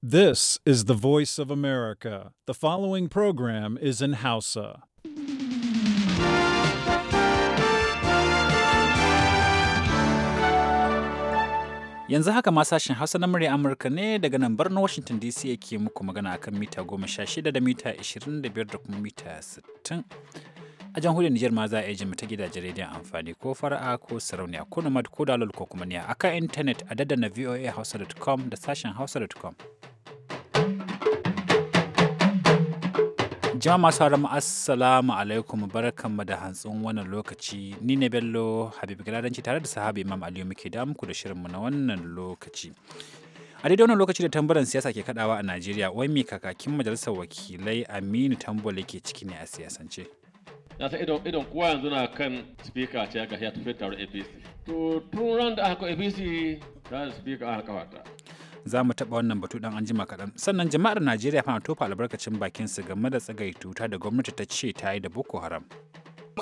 This is the voice of America. The following program is in Hausa. Yanzu haka ma sashen Hausa na murya Amurka ne daga nan birnin Washington DC yake muku magana akan mita 16 da mita 25 da kuma mita 60. a jamhuriyar Nijar ma za a iya ta gidajen rediyon amfani ko fara'a ko sarauniya ko nomad ko dalol ko kuma niya akan intanet a daddana voahausa.com da sashen hausa.com. jama'a masu haramu assalamu alaikum barkanmu da hantsin wannan lokaci ni ne bello habibu galadanci tare da sahabi imam aliyu muke da muku da shirinmu na wannan lokaci a daidai wannan lokaci da tambaran siyasa ke kadawa a najeriya wai mai kakakin majalisar wakilai aminu tambola ke ciki ne a siyasance na ta idon idon yanzu na kan speaker ce ga ya tafi taron APC to tun ran da aka APC ta speaker aka kawata za mu taɓa wannan batu dan anjima kaɗan sannan jama'ar najeriya fana tofa albarkacin bakin su game da tsagai tuta da gwamnati ta ce ta yi da boko haram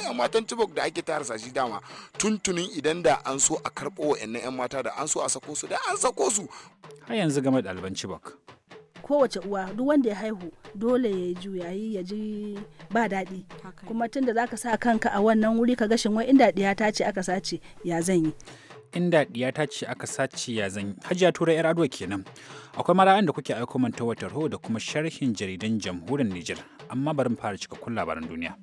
yan matan tibok da ake tarasa shi dama tuntunin idan da an so a karɓo wa 'yan mata da an so a sako su da an sako su har yanzu game da ɗaliban tibok kowace uwa duk wanda ya haihu dole ya juyayi ya ji ba daɗi kuma za ka sa kanka a wannan wuri ka gashin wai inda ɗiya ta ce aka sace ya zan yi inda ɗiya ta ce aka sace ya zan yi hajiya tura yar adwa kenan akwai mara'an da kuke aiko manta wata da kuma sharhin jaridan jamhuriyar Nijar amma bari mu fara cikakkun labaran duniya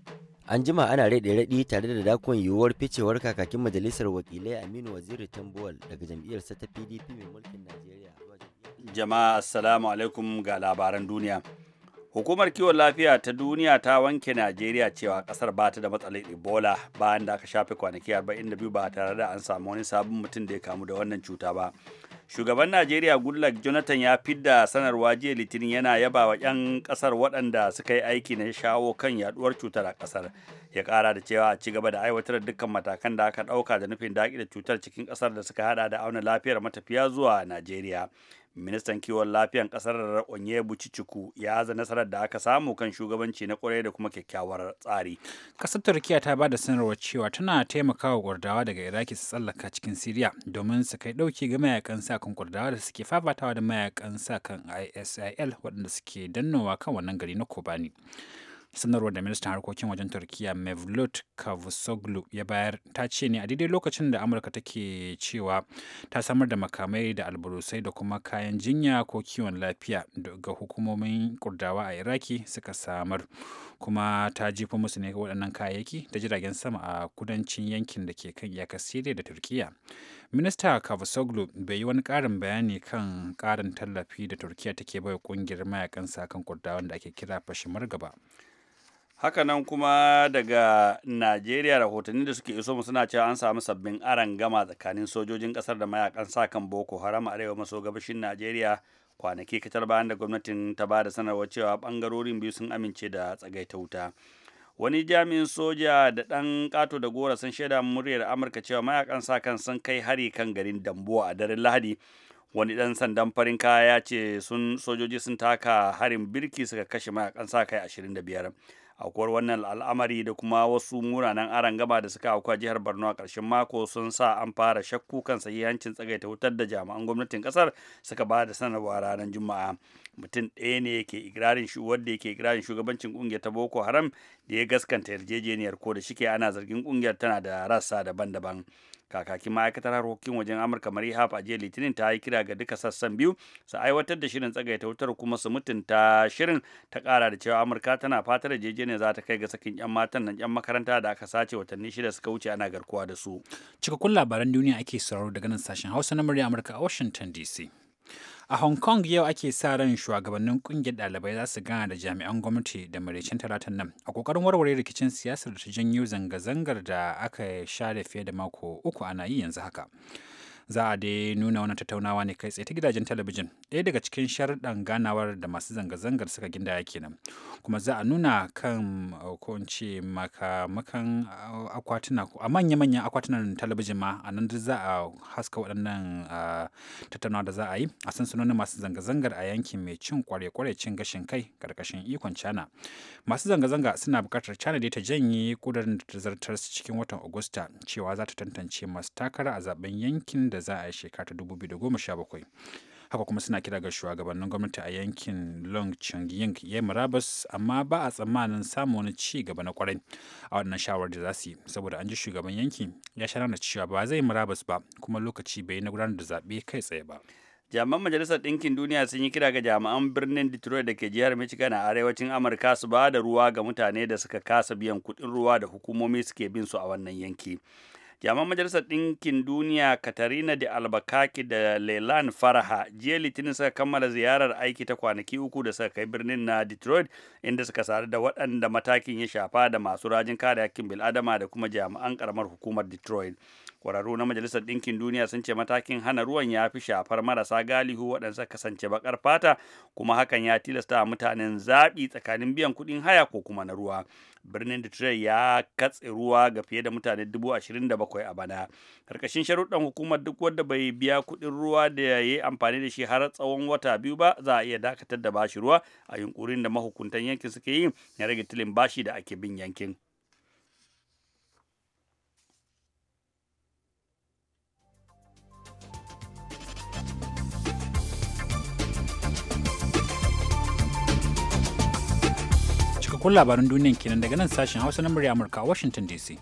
an jima ana raɗe-raɗi tare da dakon yiwuwar ficewar kakakin majalisar wakilai aminu waziri tambuwal daga jam'iyyarsa ta pdp mai mulkin najeriya jama'a assalamu alaikum ga labaran duniya hukumar kiwon lafiya ta duniya ta wanke najeriya cewa kasar ba ta da matsalar ebola bayan da aka shafe kwanaki 42 ba tare da an samu wani sabon mutum da ya kamu da wannan cuta ba shugaban najeriya goodluck jonathan ya fidda sanarwa jiya litinin yana yaba wa 'yan kasar waɗanda suka yi aiki na shawo kan yaduwar cutar a kasar ya kara da cewa a cigaba da aiwatar dukkan matakan da aka ɗauka da nufin daƙi da cutar cikin kasar da suka hada da auna lafiyar matafiya zuwa najeriya ministan kiwon lafiyan kasar onyebu cicuku ya za nasarar da aka samu kan shugabanci na kwarai da kuma kyakkyawar tsari kasar turkiya ta bada sanarwar cewa tana taimakawa gwardawa daga iraki su tsallaka cikin siriya domin su kai dauki ga mayakan sa kan gwardawa da suke fafatawa da mayakan sa kan isil waɗanda suke dannowa kan wannan gari na kobani sanarwar da ministan harkokin wajen turkiya mevlut kavusoglu ya bayar ta ce ne a daidai lokacin da amurka take cewa ta samar da makamai da alburusai da kuma kayan jinya ko kiwon lafiya ga hukumomin kurdawa a iraki suka samar kuma ta jifo musu ne waɗannan kayayyaki da jiragen sama a kudancin yankin da ke kan iyakar siriya da turkiya minista kavusoglu bai yi wani ƙarin bayani kan ƙarin tallafi da turkiya take bai ƙungiyar mayakan sakan kurdawan da ake kira fashimar gaba hakanan kuma daga najeriya rahotanni da suke iso suna cewa an samu sabbin aran gama tsakanin sojojin kasar da mayakan sa kan boko haram a arewa maso gabashin najeriya kwanaki kacal bayan da gwamnatin ta ba da sanarwar cewa bangarorin biyu sun amince da tsagaita wuta wani jami'in soja da dan kato da gora sun shaida muryar amurka cewa mayakan sakan sun kai hari kan garin dambuwa a daren lahadi wani dan sandan farin kaya ya ce sun sojoji sun taka harin birki suka kashe mayakan sa kai 25 aukuwar wannan al'amari da kuma wasu muranan aran gaba da suka auka jihar borno a ƙarshen mako sun sa an fara shakku kan sahihancin tsagaita wutar da jami'an gwamnatin ƙasar suka ba da sanarwa ranar juma'a mutum ɗaya ne ke shi wanda yake igirarin shugabancin ƙungiyar ta boko haram da ya gaskanta yarjejeniyar ko da shike ana zargin ƙungiyar tana da rassa daban-daban kakakin ma'aikatar harkokin wajen amurka marihab a jiya litinin ta yi kira ga duka sassan biyu su aiwatar da shirin tsagaita wutar kuma su mutunta shirin ta kara da cewa amurka tana fatar yarjejeniyar za ta kai ga sakin yan matan nan yan makaranta da aka sace watanni shida suka wuce ana garkuwa da su cikakkun labaran duniya ake sauraro daga nan sashen hausa na murya amurka a washington dc A Hong Kong yau ake sa ran shugabannin kungiyar ɗalibai za su gana da jami'an gwamnati da maraicin talatan nan a kokarin warware rikicin siyasar da ta janyo zanga-zangar da aka share fiye da mako uku ana yi yanzu haka. za a dai nuna wani tattaunawa ne kai tsaye ta gidajen talabijin ɗaya daga cikin sharɗan ganawar da masu zanga-zangar suka gindaya kenan kuma za a nuna kan uh, ko makamakan uh, akwatuna a manya-manyan akwatunan talabijin ma a nan za a haska waɗannan uh, tattaunawa da za a yi a sansanonin masu zanga-zangar a yankin mai cin kware-kware cin gashin kai karkashin ikon china masu zanga-zanga suna buƙatar china dai ta janye ƙudurin da ta zartar cikin watan agusta cewa za ta tantance masu takara a zaben yankin da za a yi shekara ta 2017 haka kuma suna kira ga shugabannin gwamnati a yankin long chung ying ya murabus amma ba a tsammanin samun wani ci gaba na kwarai a wannan shawar da za su yi saboda an ji shugaban yankin ya sha da cewa ba zai murabus ba kuma lokaci bai na gudanar da zaɓe kai tsaye ba jami'an majalisar ɗinkin duniya sun yi kira ga jami'an birnin detroit da ke jihar michigan a arewacin amurka su ba da ruwa ga mutane da suka kasa biyan kuɗin ruwa da hukumomi suke bin su a wannan yanki jami'an majalisar ɗinkin duniya katarina de albakaki da Leland faraha jiya litinin suka kammala ziyarar aiki ta kwanaki uku da suka kai birnin na detroit inda suka sadu da waɗanda matakin ya shafa da masu rajin kare hakkin bil'adama da kuma jami'an karamar hukumar detroit kwararru na majalisar ɗinkin duniya sun ce matakin hana ruwan ya fi shafar marasa galihu waɗansa kasance baƙar fata kuma hakan ya tilasta mutanen zaɓi tsakanin biyan kuɗin haya ko kuma na ruwa birnin detroit ya katse ruwa ga fiye da mutane dubu a bana karkashin sharuɗan hukumar duk wanda bai biya kuɗin ruwa da ya yi amfani da shi har tsawon wata biyu ba za a iya dakatar da bashi ruwa a yunkurin da mahukuntan yankin suke yi na rage tilin bashi da ake bin yankin cikakkun labaran duniyan kenan daga nan sashen hausa na murya amurka a washington dc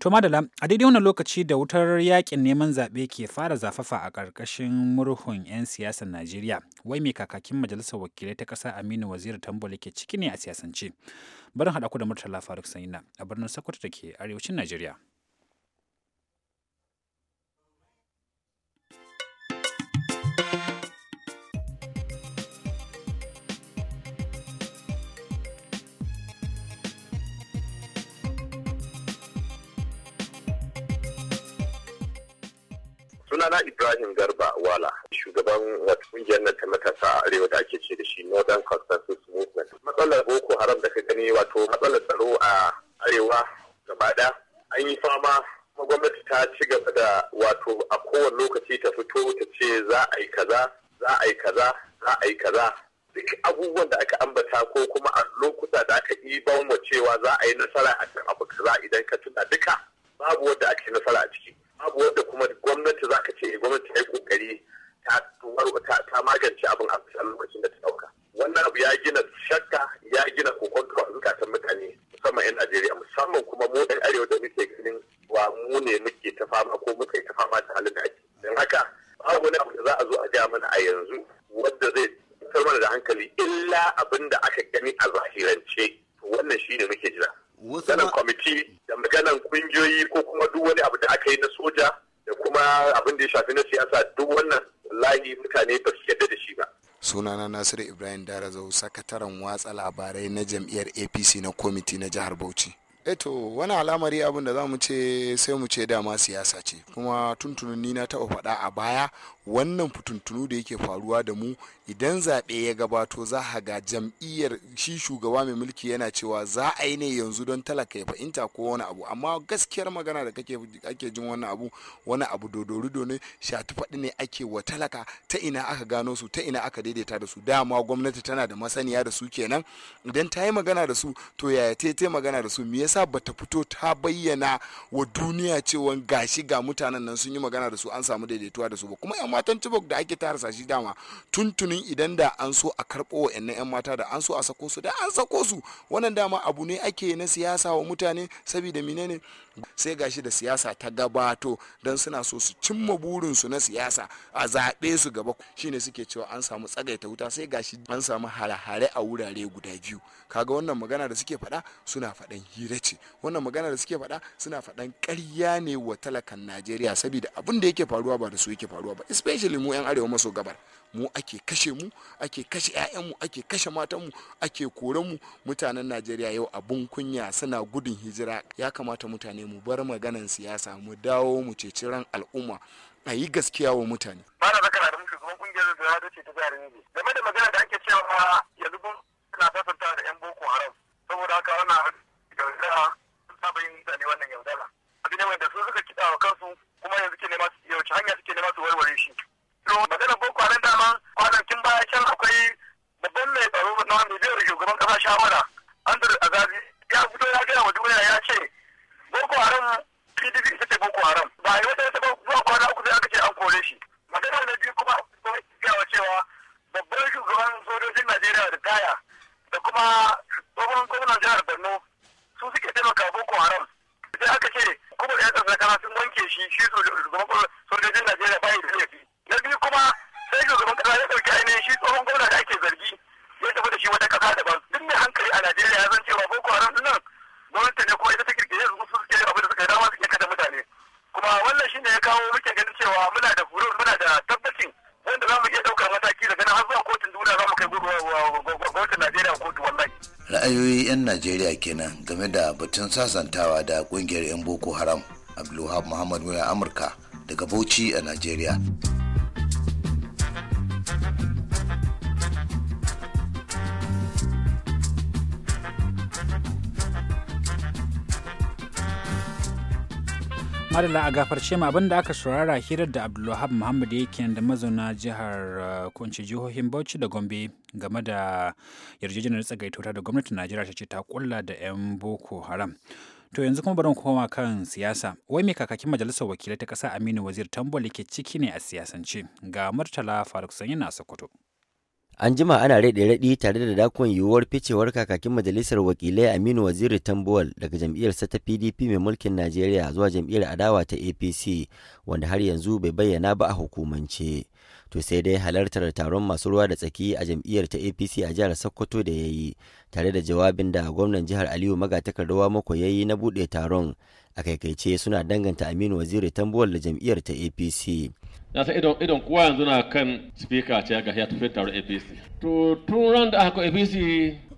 toma da To a daidai wannan lokaci da wutar yakin neman zaɓe ke fara zafafa a ƙarƙashin murhun 'yan siyasar Najeriya, wai mai kakakin majalisar wakilai ta ƙasa Aminu Waziri Tambole ke ciki ne a siyasance. Barin haɗa da Murtala Faruk Sanina a birnin Sokoto da ke arewacin Najeriya. sunana Ibrahim Garba Wala, shugaban wata kungiyar nan ta matasa a arewa da ake ce da shi Northern Consensus Movement. Matsalar Boko Haram da ka gani wato matsalar tsaro a arewa gaba ɗaya. An yi fama kuma gwamnati ta ci gaba da wato a kowane lokaci ta fito ta ce za a yi kaza, za a yi kaza, za a yi kaza. Duk abubuwan da aka ambata ko kuma a lokuta da aka yi cewa za a yi nasara a kan abu kaza idan ka tuna duka babu wanda ake nasara a ciki. nasiru ibrahim darazau sakataren watsa labarai na jam'iyyar apc na kwamiti na jihar bauchi eto eh wani al'amari abin da za mu ce sai mu ce dama siyasa ce tuntunin ni na taɓa faɗa a baya wannan fituntunu da yake faruwa da mu idan zaɓe ya gabato za a ga jam'iyyar shi shugaba mai mulki yana cewa za a yi ne yanzu don talaka ya fahimta ko wani abu amma gaskiyar magana da kake jin wani abu wani abu dodorido ne shatu faɗi ne ake wa talaka ta ina aka gano su ta ina aka daidaita da su dama gwamnati tana da masaniya da su kenan idan ta yi magana da su to yaya ta ta magana da su me yasa bata fito ta bayyana wa duniya cewa gashi ga mutanen nan sun yi magana da su an samu daidaituwa da su ba kuma yan matan tibok da ake ta sashi dama tuntunin idan da an so a karɓo wa wa'annan yan mata da an so a sako su da an sako su wannan dama abu ne ake na siyasa wa mutane saboda menene sai gashi da siyasa ta gabato don suna so su cimma burinsu na siyasa a zaɓe su gaba shine suke cewa an samu tsagaita wuta sai gashi an samu hare-hare a wurare guda biyu kaga wannan magana da suke faɗa suna faɗan hira ce wannan magana da suke faɗa suna faɗan ƙarya ne wa talakan najeriya saboda abin da yake faruwa ba da su yake faruwa ba especially mu 'yan arewa maso gabar mu ake kashe mu ake kashe 'ya'yanmu ake kashe matanmu ake kore mu mutanen najeriya yau abun kunya suna gudun hijira ya kamata mutane mu bar maganan siyasa mu dawo mu ceci ran al'umma a yi gaskiya wa mutane. Bana da shugaban kungiyar da ta ce ta jihar ne. Game da magana da ake cewa yanzu suna sasanta da 'yan Boko Haram. Saboda haka wannan yaudara sun saba yin mutane wannan yaudara. abin ne wanda su suka kiɗa wa kansu kuma yanzu ke nema su hanya suke nema su warware shi. to magana boko haram dama kwanakin baya can akwai babban mai tsaro na mai biyar shugaban kasa shawara andrew azazi ya fito ya gaya wa duniya ya ce boko haram pdp ita ce boko haram ba yi wata ta zuwa kwana uku sai aka ce an kore shi magana na biyu kuma cewa babban shugaban sojojin najeriya da taya da kuma tsohon gwamnan jihar borno su suke taimaka boko haram sai aka ce kuma da ya tsarkaka sun wanke shi shi shugaban ra'ayoyi 'yan najeriya kenan game da batun sasantawa da kungiyar 'yan boko haram abdulwahab muhammad muna amurka daga bauchi a najeriya adala a gafarce ma abinda aka saurara hirar da abdulwahab muhammad yake da mazauna jihar uh, kunci jihohin bauchi da gombe game da yarjejeniyar tsagaito ta da gwamnatin najeriya ta ce ta kulla da 'yan boko haram to yanzu kuma bari mu koma kan siyasa wai mai kakakin majalisar wakilai ta kasa aminu wazir tambol yake ciki ne a siyasance ga murtala faruk sanyi na sokoto An jima ana raɗe-raɗi tare da dakon yiwuwar ficewar kakakin majalisar wakilai Aminu Waziri Tambuwal daga jamiyyar sa ta PDP mai mulkin Najeriya zuwa jam'iyyar adawa ta APC wanda har yanzu bai bayyana ba a hukumance. to sai dai halartar taron masu ruwa da tsaki a jam'iyyar ta apc a jihar sokoto da ya yi tare da jawabin da gwamnan jihar aliyu ruwa mako ya yi na buɗe taron a kaikaice suna danganta aminu waziri Tambuwar da jam'iyyar ta apc na san idon idon kowa yanzu na kan speaker ce ga ya tafi taron apc to tun ran da aka apc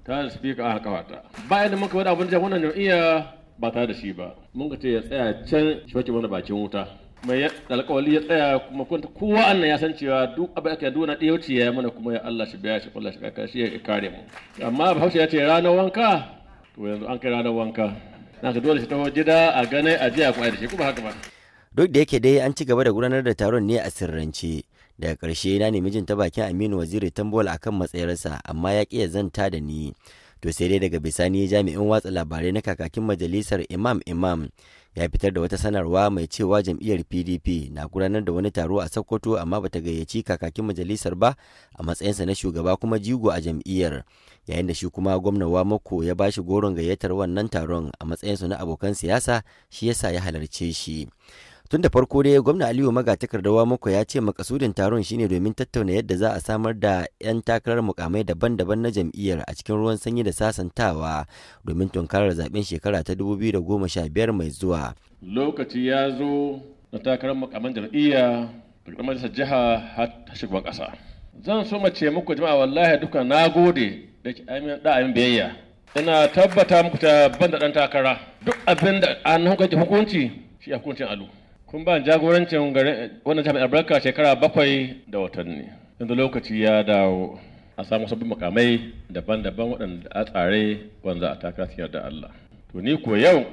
ta da speaker aka kawata bayan da muka wada abin jam'iyyar ba tare da shi ba mun ka ce ya tsaya can shi wake wani bakin wuta mai alkawali ya tsaya kuma kunta kowa annan ya san cewa duk abin aka duna ɗaya wuce ya mana kuma ya Allah shi biya shi kullum shi kaka shi ya kare mu amma Bahaushe ya ce ranar wanka to yanzu an kai ranar wanka na ka dole shi taho gida a gane a jiya kuma da shi kuma haka ba duk da yake dai an ci gaba da gudanar da taron ne a sirrance daga ƙarshe na nemi jin ta bakin Aminu Waziri Tambol akan matsayarsa amma ya ƙi ya zanta da ni to sai dai daga bisani jami'in watsa labarai na kakakin majalisar Imam Imam ya fitar da wata sanarwa mai cewa jam'iyyar pdp na gudanar da wani taro a sokoto amma bata gayyaci kakakin majalisar ba a matsayinsa na shugaba kuma jigo a jam'iyyar yayin da shi kuma wa mako ya ba shi goron gayyatar wannan taron a matsayinsa na abokan siyasa shi yasa ya halarce shi tun da farko dai gwamna aliyu maga takardawa muku ya ce makasudin taron shine domin tattauna yadda za a samar da 'yan takarar mukamai daban-daban na jam'iyyar a cikin ruwan sanyi da sasantawa domin tunkarar zaben shekara ta 2015 mai zuwa lokaci ya zo na takarar mukamin jam'iyya da majalisar jiha har ta shugaban kasa zan so mace muku jama'a wallahi duka na gode da ki amin da amin biyayya ina tabbata muku ta banda dan takara duk abin da an hukunci hukunci shi hukuncin alu kun ba jagorancin wannan jami'ar albarka shekara bakwai da watanni yanzu lokaci ya dawo a samu sabbin makamai daban-daban waɗanda a tsare wanda a taka siyar da Allah to ni ko yau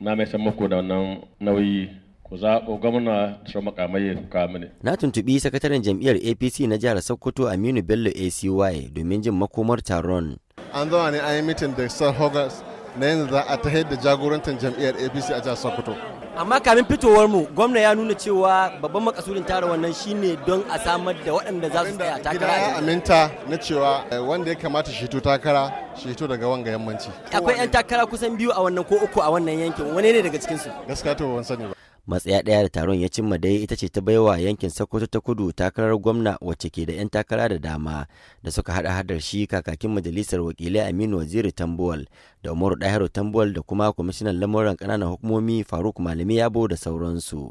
na mai san muku da wannan nauyi ku zaɓo gwamna da makamai ya suka mini. Na tuntuɓi sakataren jam'iyyar APC na jihar Sokoto Aminu Bello ACY domin jin makomar taron. An zama ne an yi mitin da Sir hogas na yanzu za a ta da jagorantar jam'iyyar APC a jihar Sokoto. amma kamin fitowar mu gwamna ya nuna cewa babban makasudin tara wannan shine don a samar da waɗanda za su tsaya takara ya aminta na cewa eh, wanda ya kamata shi to takara shi to daga wanga yammanci akwai yan takara kusan biyu a wannan ko uku a wannan yankin wani ne daga cikin su gaskata to ban sani ba matsaya ɗaya da taron ya cimma dai ita ce ta baiwa yankin sokoto ta kudu takarar gwamna wacce ke da 'yan takara da dama da suka hada hadar shi kakakin majalisar wakilai aminu waziri tambuwal da umaru ɗahiru tambuwal da kuma kwamishinan lamuran ƙananan hukumomi faruk malami yabo da sauransu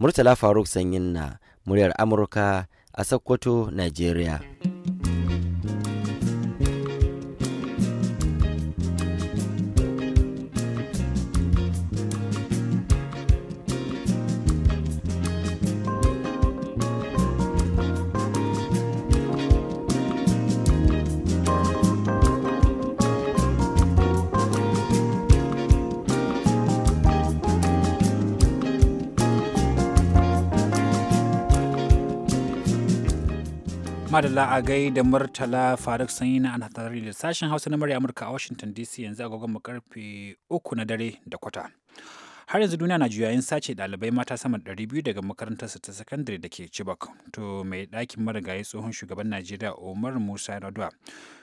murtala faruk sanyin na muryar amurka a sokoto nigeria madalla a da murtala faruk sanyi na ana tare da sashen hausa na murya amurka a washington dc yanzu agogon karfe uku na dare da kwata har yanzu duniya na juyayin sace dalibai mata sama da biyu daga makarantar su ta sakandare da ke chibok to mai ɗakin marigayi tsohon shugaban najeriya umar musa yar'adua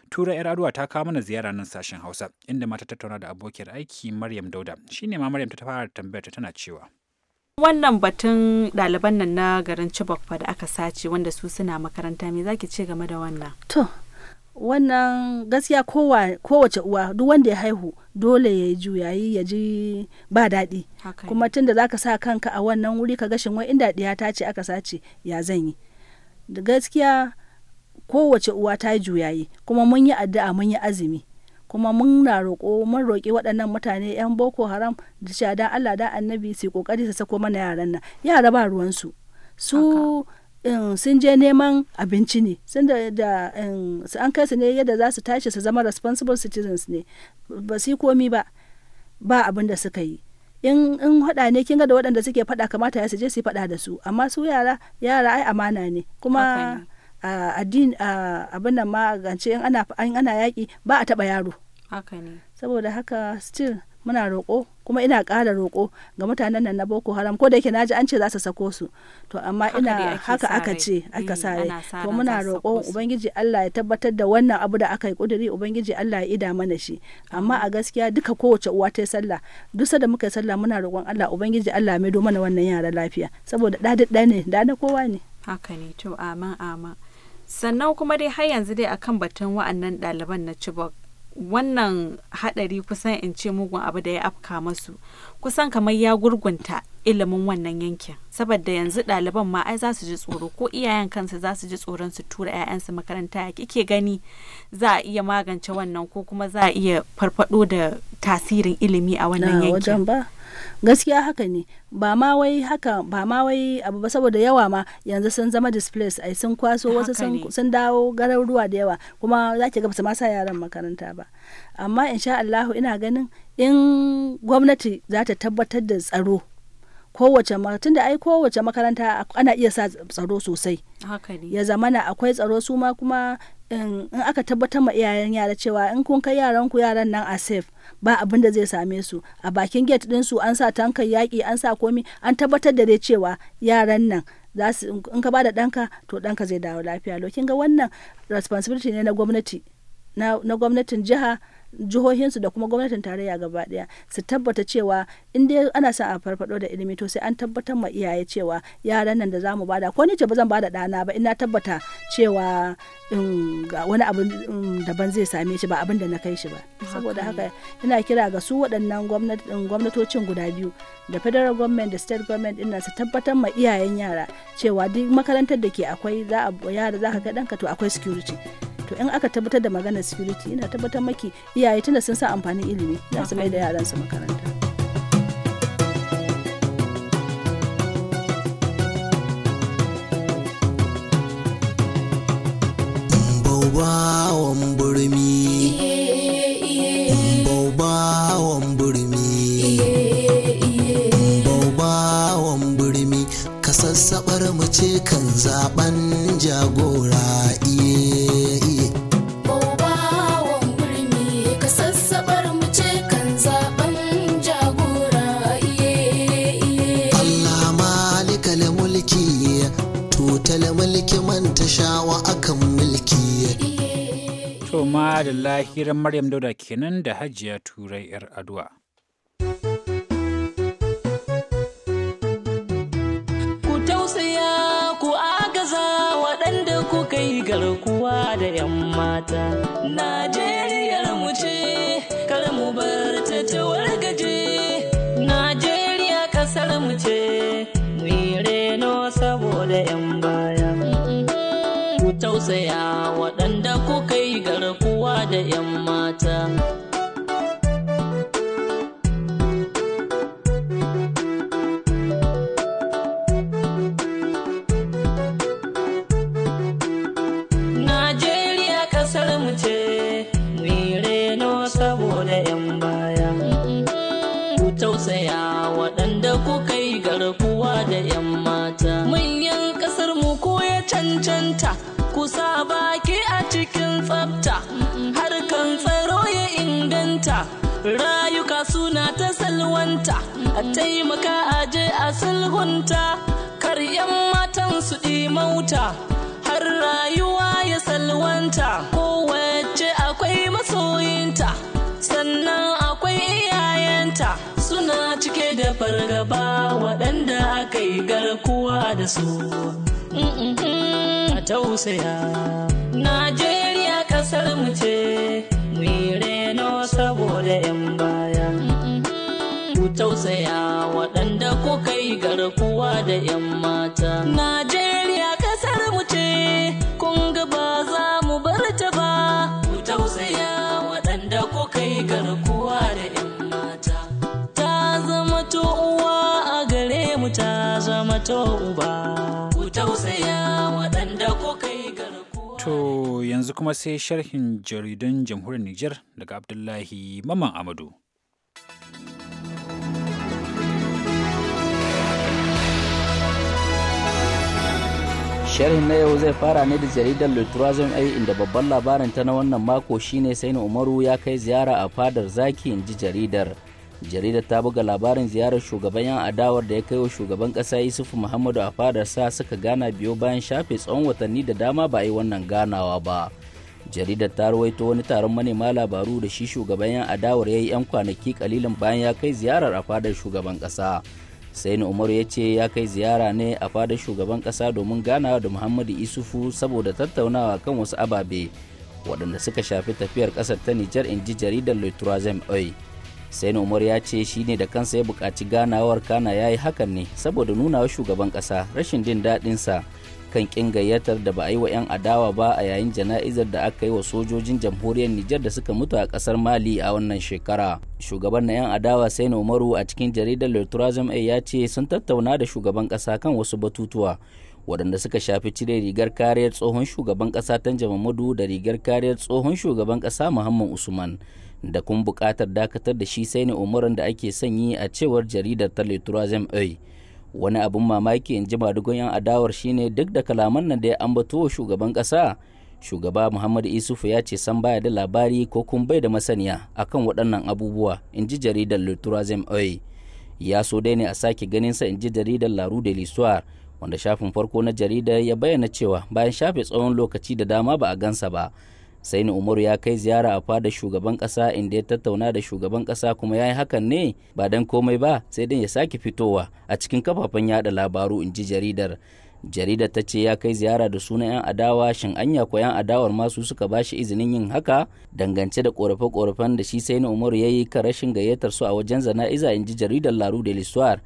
tura yar'adua ta kawo mana ziyara nan sashen hausa inda mata tattauna da abokiyar aiki maryam dauda shine ma maryam ta fara tambayar ta tana cewa wannan batun ɗaliban nan na garin Chibok fa da aka sace wanda su suna makaranta me zaki ce game da wannan to wannan gaskiya kowace uwa duk wanda ya haihu dole ya yi ya ji ba daɗi kuma tun da zaka sa kanka a wannan wuri ka gashin wai inda ɗiya ta ce aka sace ya zan yi da gaskiya kowace uwa ta juyayi kuma mun yi addu'a mun yi azumi kuma mun na roƙo mun roƙi waɗannan mutane yan boko haram da shada Allah da annabi su kokari su sako mana yaran nan yara ba ruwan su su sun je neman abinci ne sun da su an kai su ne yadda za su tashi su zama responsible citizens ne ba su komi ba ba abin da suka yi in in hada ne kinga da waɗanda suke faɗa kamata ya su je su faɗa da su amma su yara yara ai amana ne kuma a addini abin nan magance in ana ana yaƙi ba a taɓa yaro haka ne saboda haka still muna roƙo kuma ina ƙara roƙo ga mutanen nan na boko haram ko da yake naji an ce za su sako su to amma ina haka aka ce aka mm, sare to muna roƙo ubangiji Allah ya tabbatar da wannan abu da aka yi kuduri ubangiji Allah ya ida mana shi amma a gaskiya duka kowace uwa ta sallah duk da muka yi sallah muna roƙon Allah ubangiji Allah ya maido mana wannan yara lafiya saboda da duk ne da na kowa ne haka ne to amma amma sannan kuma dai har yanzu dai akan batun wa'annan ɗaliban na Chibok wannan haɗari kusan in ce mugun abu da ya afka masu kusan kamar ya gurgunta ilimin wannan yankin saboda yanzu ɗaliban ma ai za su ji tsoro ko iyayen kansu za su ji tsoron su tura 'ya'yansu makaranta ya kike gani za a iya magance wannan ko kuma za a iya farfado da tasirin ilimi a wannan yankin gaskiya haka ne ba ma wai haka ba ma wai abu ba saboda yawa ma yanzu sun zama displaced ai sun kwaso wasu sun dawo garuruwa da yawa kuma za ki ga ba su ma sa yaran makaranta ba amma insha Allahu ina ganin in gwamnati za ta tabbatar da tsaro kowace tun da ai kowace makaranta ana iya sa tsaro sosai ya zamana akwai tsaro su ma kuma in aka tabbatar ma iyayen yara cewa in kun kai yaranku yaran nan a safe ba abin da zai same su a bakin gate ɗinsu an sa tankan yaki an sa komi an tabbatar da dai cewa yaran nan za su in ka bada ɗanka to ɗanka zai dawo lafiya lokin ga wannan responsibility ne na gwamnati na gwamnatin jiha jihohinsu da kuma gwamnatin tarayya gaba daya su tabbata cewa in dai ana sa a farfado da ilimi to sai an tabbatar ma iyaye cewa yaran nan da zamu bada ko ni ce ba zan bada dana ba ina tabbata cewa um, ga wani abu um, daban zai same shi ba abin da na kai shi ba saboda haka ina kira ga su waɗannan um, gwamnatocin guda biyu da federal government da state government ina su tabbatar ma iyayen yara cewa duk makarantar da ke akwai za a yara za ka ga danka to akwai security to in aka tabbatar da maganar security ina tabbatar maki iyaye tunda sun sa amfanin ilimi za su mai da yaran su makaranta bawan mu ce kan zaɓen jagora shawa akan mulki to ma da lahiran maryam dauda kenan da hajiya turai yar adwa ku tausaya ku agaza waɗanda ku kai garkuwa da 'yan mata najeriyar mu ce kar mu bar tausaya waɗanda kuka yi garkuwa da 'yan mata. suna ta salwanta a taimaka a je a sulhunta kar yan matan su mauta har rayuwa ya salwanta kowace akwai masoyinta sannan akwai iyayenta suna cike da fargaba waɗanda aka yi garkuwa da su a tausaya najeriya ƙasar mu ce mu reno saboda 'yan baya tausaya waɗanda ko kai garkuwa da 'yan mata. Najeriya ƙasar mu ce, kun ga ba za mu bar ta ba. Ku tausaya waɗanda ko kai garkuwa da 'yan mata. Ta zama to uwa a gare mu ta zama to uba. Ku tausaya waɗanda ko kai garkuwa. To yanzu kuma sai sharhin jaridun jamhuriyar Nijar daga Abdullahi Maman Amadu. Sharhin na yau zai fara ne da jaridar Le Tourism A inda babban labarin ta na wannan mako shine sain Umaru ya kai ziyara a fadar zaki inji ji jaridar. Jaridar ta buga labarin ziyarar shugaban yan adawar da ya kai wa shugaban ƙasa Yusufu Muhammadu a fadar sa suka gana biyo bayan shafe tsawon watanni da dama ba a yi wannan ganawa ba. Jaridar ta rawaito wani taron manema labaru da shi shugaban yan adawar ya yi 'yan kwanaki kalilin bayan ya kai ziyarar a fadar shugaban ƙasa. saini umaru ya ce ya kai ziyara ne a fadar shugaban kasa domin gana da muhammadu isufu saboda tattaunawa kan wasu ababe waɗanda suka shafi tafiyar ƙasar ta nijar in ji jaridar leturazem oi saini umaru ya ce shi ne da kansa ya buƙaci ganawar kana ya yi hakan ne saboda nuna shugaban ƙasa rashin jin daɗinsa kan kin gayyatar da ba a yi wa 'yan adawa ba a yayin jana'izar da aka yi wa sojojin jamhuriyar Nijar da suka mutu a kasar Mali a wannan shekara. Shugaban na 'yan adawa na Umaru a cikin jaridar Le Tourism A ya ce sun tattauna da shugaban kasa kan wasu batutuwa waɗanda suka shafi cire rigar kariyar tsohon shugaban kasa Tanja Mamadu da rigar kariyar tsohon shugaban kasa Muhammad Usman. da kuma buƙatar dakatar da shi sai ne umarin da ake sanyi a cewar jaridar ta Le wani abin mamaki in ji madugun 'yan adawar shine duk da kalaman nan da ya ambato shugaban kasa shugaba muhammadu isufu ya ce san baya da labari ko kun bai da masaniya akan waɗannan abubuwa in ji jaridar luturazem oi ya so dai ne a sake ganin sa in ji jaridar laru de l'histoire wanda shafin farko na jaridar ya bayyana cewa bayan shafe tsawon lokaci da dama ba a gansa ba sai saini umaru ya kai ziyara a fada shugaban kasa inda ya tattauna da shugaban kasa kuma ya yi hakan ne ba dan komai ba sai dan ya sake fitowa a cikin kafafen yada labaru in ji jaridar jaridar ta ce ya kai ziyara da sunan 'yan adawa shin anya ko 'yan adawar masu suka ba shi izinin yin haka dangance da korafe-korafen da shi sai na umaru ya yi kan rashin gayyatar su a wajen zana'iza in ji jaridar laru da lissuwar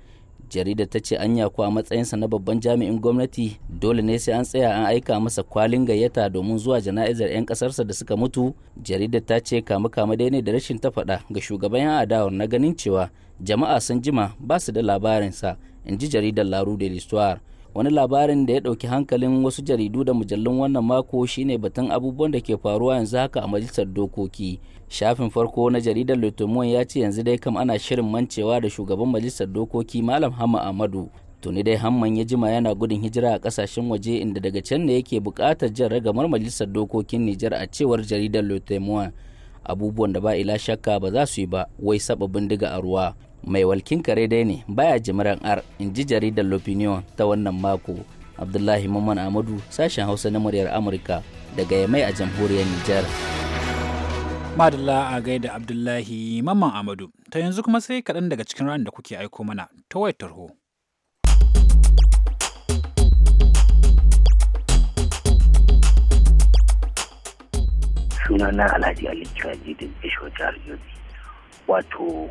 jaridar ta ce anya ko a matsayinsa na babban jami'in gwamnati dole ne sai an tsaya an aika masa kwalin gayyata domin zuwa jana'izar 'yan kasarsa da suka mutu jaridar ta ce kamu kama dai ne da rashin ta faɗa ga shugaban 'yan adawar na ganin cewa jama'a sun jima ba su da labarinsa in ji jaridar laru de l'histoire wani labarin da ya ɗauki hankalin wasu jaridu da mujallun wannan mako shine batun abubuwan da ke faruwa yanzu haka a majalisar dokoki shafin farko na jaridar lutumon ya ce yanzu dai kam ana shirin mancewa da shugaban majalisar dokoki malam hama amadu tuni dai hamman ya jima yana gudun hijira a kasashen waje inda daga can ne yake buƙatar jan ragamar majalisar dokokin nijar a cewar jaridar lutumon abubuwan da ba ila shakka ba za su yi ba wai sababin diga a ruwa mai walkin kare dai ne baya jimiran r in ji jaridar l'opinion ta wannan mako abdullahi mamman amadu sashen hausa na muryar amurka daga yamai a jamhuriyar nijar madalla a gaida abdullahi mamman amadu ta yanzu kuma sai kaɗan daga cikin ran da kuke aiko mana ta wayar tarho sunana alhaji ali jihar jihar wato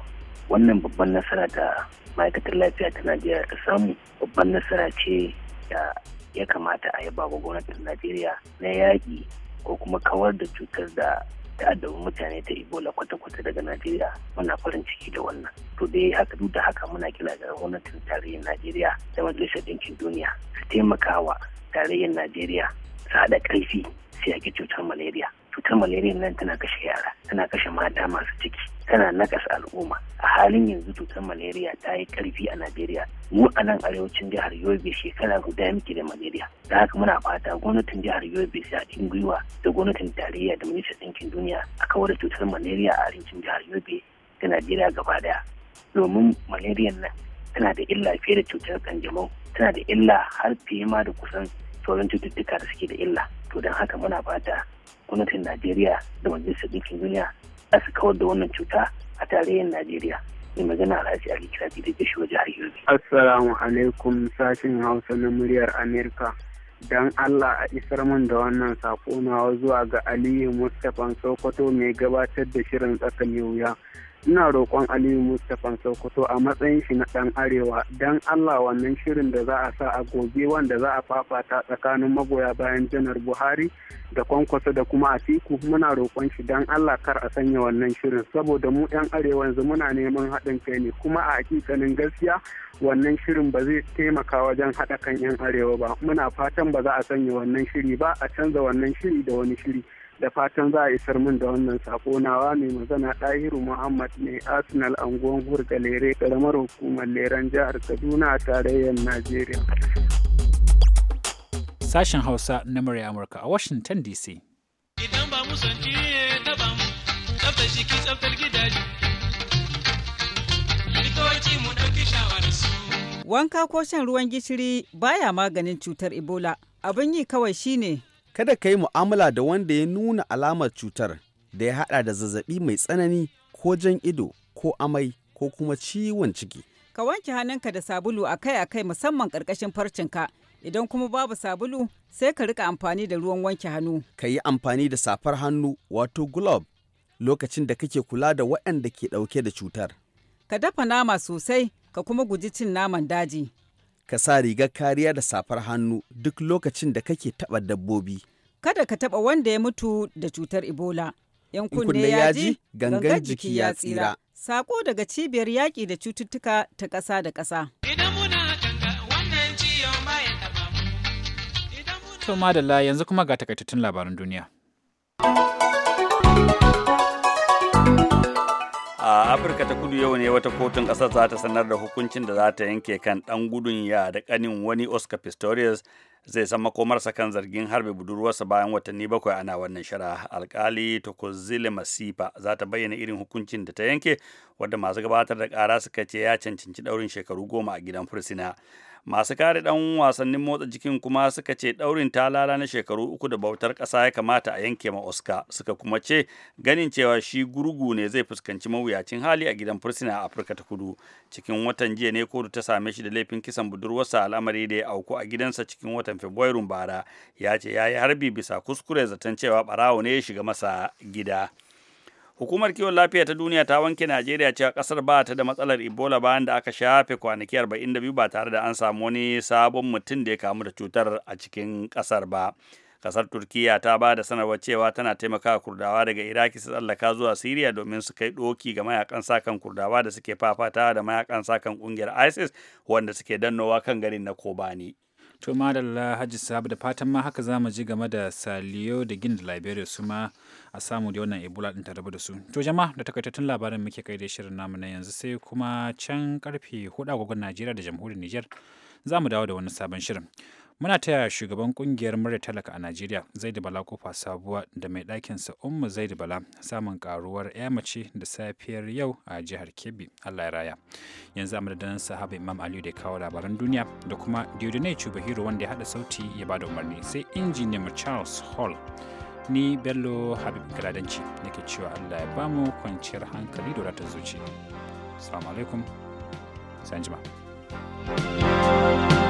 wannan babban nasara da ma'aikatar lafiya ta najeriya ta samu babban nasara ce da ya kamata a yi ba gwamnatin najeriya na yaƙi ko kuma kawar da cutar da ta mutane ta ebola kwata-kwata daga najeriya muna farin ciki da wannan to dai haka duk da haka muna kira ga gwamnatin tarayyar najeriya da majalisar ɗinkin duniya su taimaka wa tarayyar najeriya su haɗa ƙarfi su yaƙi cutar malaria cutar malaria nan tana kashe yara tana kashe mata masu ciki tana nakas al'umma a halin yanzu cutar malaria ta yi karfi a najeriya mu a nan arewacin jihar yobe shekara guda muke da malaria da haka muna fata gwamnatin jihar yobe sa in gwiwa da gwamnatin tarayya da ministan ɗinkin duniya a kawar da cutar malaria a arewacin jihar yobe da najeriya gaba daya domin malaria nan tana da illa fiye da cutar kanjamau tana da illa har fiye ma da kusan sauran cututtuka da suke da illa to don haka muna fata gwamnatin najeriya da majalisar dinkin duniya a su kawar da wannan cuta a tarihin najeriya mai magana alhaji ali kirabi da gashi jihar assalamu alaikum sashen hausa na muryar amerika don allah a isar min da wannan sako nawa zuwa ga aliyu mustapha sokoto mai gabatar da shirin tsakanin wuya ina roƙon aliyu mustapha sokoto a matsayin shi na ɗan arewa don allah wannan shirin da za a sa a gobe wanda za a fafata tsakanin magoya bayan janar buhari da kwankwaso da kuma atiku muna roƙon shi don allah kar a sanya wannan shirin saboda mu yan arewa yanzu muna neman haɗin kai ne kuma a hakikanin gaskiya wannan shirin ba zai taimaka wajen haɗa kan yan arewa ba muna fatan ba za a sanya wannan shiri ba a canza wannan shiri da wani shiri da fatan za a isar min da wannan sako nawa mai magana ɗahiru muhammad ne arsenal anguwan hurga lere ƙaramar hukumar leren jihar kaduna a tarayyar najeriya sashen hausa na murya amurka a washington dc idan ba mu san na ba mu tsaftar jiki tsaftar gidaje likitoci mu ɗauki su. wanka ko shan ruwan gishiri baya maganin cutar ebola abin yi kawai shine kada ka yi mu'amala da wanda ya nuna alamar cutar da ya haɗa da zazzaɓi mai tsanani ko jan ido ko amai ko kuma ciwon ciki. Ka wanke hannunka da sabulu akai-akai musamman ƙarƙashin farcinka. Idan kuma babu sabulu sai ka rika amfani da ruwan wanke hannu. Ka yi amfani da safar hannu wato glove lokacin da kake kula da waɗanda ke ɗauke da cutar. Ka dafa nama sosai ka kuma guji cin naman daji. ka sa rigar kariya da safar hannu duk lokacin da kake taɓa dabbobi. Kada ka taɓa wanda ya mutu da cutar Ebola. Yan kunne ya ji, gangan jiki ya tsira. Sako daga cibiyar yaƙi da cututtuka ta ƙasa da ƙasa. To madalla yanzu kuma ga takaitattun labaran duniya. afirka ta kudu yau ne wata kotun ƙasar za ta sanar da hukuncin da za ta yanke kan ɗan gudun ya da ƙanin wani oscar pistorius zai san makomarsa kan zargin harbe budurwarsa bayan watanni bakwai ana wannan shara alkali tokozile masifa za ta bayyana irin hukuncin da ta yanke wadda masu gabatar da kara suka ce ya cancanci ɗaurin shekaru goma a gidan fursuna masu kare dan wasannin motsa jikin kuma suka ce daurin talala na shekaru uku da bautar ƙasa ya kamata a yanke ma oscar suka kuma ce ganin cewa shi gurgu ne zai fuskanci mawuyacin hali a gidan fursuna a afirka ta kudu cikin watan jiya ne kodu ta same shi da laifin kisan budurwarsa al'amari da ya auku a gidansa cikin watan fabrairun bara ya ce ya yi harbi bisa kuskure zaton cewa barawo ne ya shiga masa gida. Hukumar kiwon lafiya ta duniya ta wanke Najeriya cewa kasar ba ta da matsalar Ebola bayan da aka shafe kwanaki 42 ba tare da an samu wani sabon mutum da ya kamu da cutar a cikin kasar ba. Kasar Turkiya ta ba da sanarwar cewa tana taimakawa Kurdawa daga Iraki su tsallaka zuwa Siriya domin su kai doki ga mayakan sakan Kurdawa da suke fafata da mayakan sakan kungiyar ISIS wanda suke dannowa kan garin na Kobani. to madalla hajji sabu da fatan ma haka za mu ji game da saliyo da gin da liberia su ma a samu da wannan ebola din ta rabu da su to jama'a da takaitattun labarin muke kai da shirin namu na yanzu sai kuma can karfe hudu agogon najeriya da jamhuriyar niger za mu dawo da wani sabon shirin muna taya shugaban kungiyar murya talaka a najeriya zaidu bala kofa sabuwa da mai ɗakinsa ummu zaidu bala samun karuwar ya mace da safiyar yau a jihar kebbi allah ya raya yanzu a madadin sahaba imam aliyu da kawo labaran duniya da kuma diodone chubahiro wanda ya haɗa sauti ya ba da umarni sai injiniyar charles hall ni bello habib galadanci nake cewa allah ya bamu kwanciyar hankali da ratar zuci salamu alaikum sanjima thank you